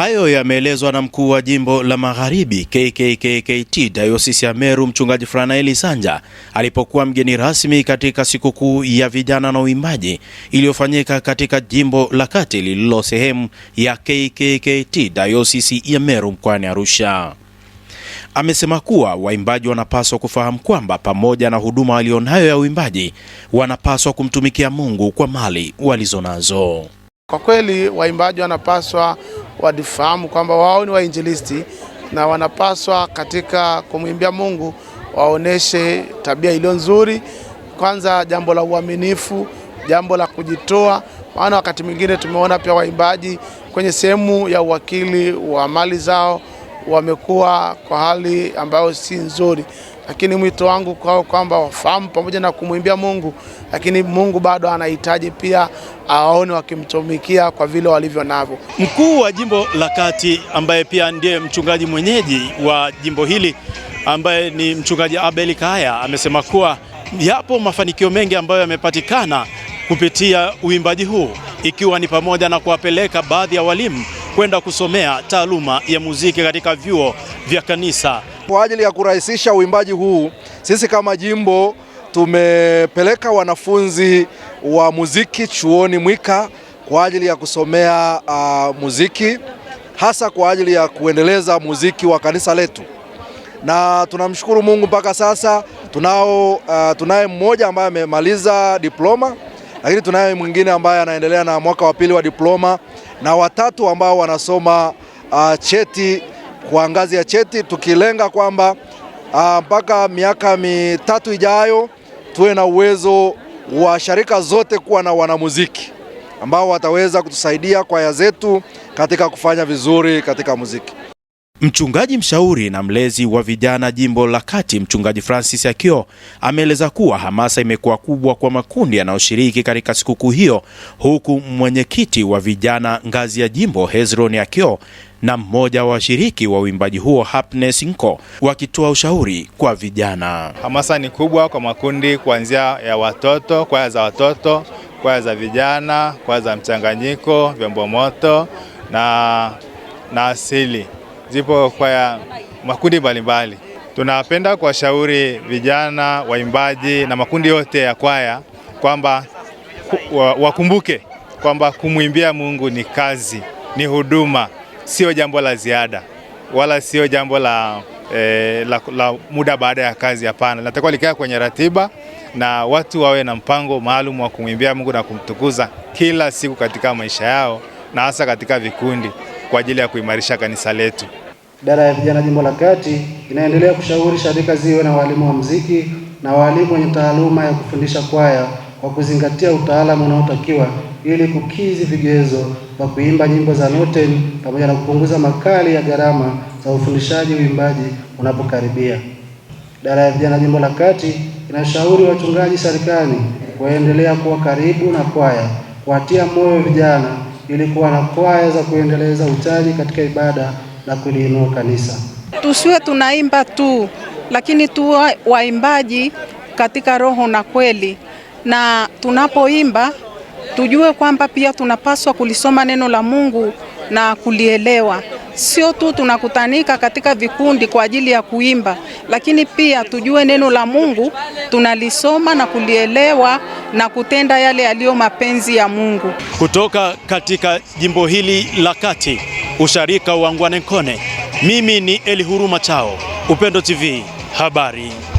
Hayo yameelezwa na mkuu wa jimbo la Magharibi KKKKT Dayosisi ya Meru Mchungaji Franaeli Sanja alipokuwa mgeni rasmi katika sikukuu ya vijana na uimbaji iliyofanyika katika jimbo la Kati lililo sehemu ya KKKT Dayosisi ya Meru mkoani Arusha. Amesema kuwa waimbaji wanapaswa kufahamu kwamba pamoja na huduma walionayo ya uimbaji wanapaswa kumtumikia Mungu kwa mali walizonazo. Kwa kweli waimbaji wanapaswa wadifahamu kwamba wao ni wainjilisti na wanapaswa katika kumwimbia Mungu waoneshe tabia iliyo nzuri, kwanza jambo la uaminifu, jambo la kujitoa. Maana wakati mwingine tumeona pia waimbaji kwenye sehemu ya uwakili wa mali zao wamekuwa kwa hali ambayo si nzuri, lakini mwito wangu kwao kwamba wafahamu pamoja na kumwimbia Mungu, lakini Mungu bado anahitaji pia awaone wakimtumikia kwa vile walivyo navyo. Mkuu wa jimbo la Kati ambaye pia ndiye mchungaji mwenyeji wa jimbo hili ambaye ni mchungaji abeli Kaya amesema kuwa yapo mafanikio mengi ambayo yamepatikana kupitia uimbaji huu ikiwa ni pamoja na kuwapeleka baadhi ya walimu kwenda kusomea taaluma ya muziki katika vyuo vya kanisa. Kwa ajili ya kurahisisha uimbaji huu, sisi kama jimbo tumepeleka wanafunzi wa muziki chuoni Mwika kwa ajili ya kusomea uh, muziki hasa kwa ajili ya kuendeleza muziki wa kanisa letu, na tunamshukuru Mungu mpaka sasa tunao uh, tunaye mmoja ambaye amemaliza diploma lakini tunaye mwingine ambaye anaendelea na mwaka wa pili wa diploma na watatu ambao wanasoma uh, cheti kwa ngazi ya cheti, tukilenga kwamba uh, mpaka miaka mitatu ijayo tuwe na uwezo wa sharika zote kuwa na wanamuziki ambao wataweza kutusaidia kwaya zetu katika kufanya vizuri katika muziki. Mchungaji mshauri na mlezi wa vijana jimbo la Kati, mchungaji Francis Akio ameeleza kuwa hamasa imekuwa kubwa kwa makundi yanayoshiriki katika sikukuu hiyo, huku mwenyekiti wa vijana ngazi ya jimbo Hezron Akio na mmoja wa washiriki wa uimbaji huo Happiness Nko wakitoa ushauri kwa vijana. Hamasa ni kubwa kwa makundi kuanzia ya watoto, kwaya za watoto, kwaya za vijana, kwaya za mchanganyiko, vyombo moto na, na asili zipo kwaya makundi mbalimbali. Tunapenda kuwashauri vijana waimbaji na makundi yote ya kwaya kwamba wakumbuke kwamba kumwimbia Mungu ni kazi, ni huduma, sio jambo la ziada wala sio jambo la, eh, la, la muda baada ya kazi. Hapana, linatakiwa likaa kwenye ratiba na watu wawe na mpango maalum wa kumwimbia Mungu na kumtukuza kila siku katika maisha yao na hasa katika vikundi kwa ajili ya kuimarisha kanisa letu idara ya vijana jimbo la kati inaendelea kushauri sharika ziwe na walimu wa muziki na walimu wenye taaluma ya kufundisha kwaya kwa kuzingatia utaalamu unaotakiwa ili kukidhi vigezo vya kuimba nyimbo za noteni pamoja na kupunguza makali ya gharama za ufundishaji uimbaji unapokaribia. Idara ya vijana jimbo la kati inashauri wachungaji serikali kuendelea kuwa karibu na kwaya, kuwatia moyo vijana ili kuwa na kwaya za kuendeleza uchaji katika ibada na kuliinua kanisa. Tusiwe tunaimba tu, lakini tuwe waimbaji katika roho na kweli, na tunapoimba tujue kwamba pia tunapaswa kulisoma neno la Mungu na kulielewa. Sio tu tunakutanika katika vikundi kwa ajili ya kuimba, lakini pia tujue neno la Mungu tunalisoma na kulielewa na kutenda yale yaliyo mapenzi ya Mungu. Kutoka katika jimbo hili la kati usharika wa Ngwanekone. Mimi ni Elihuruma Chao, Upendo TV habari.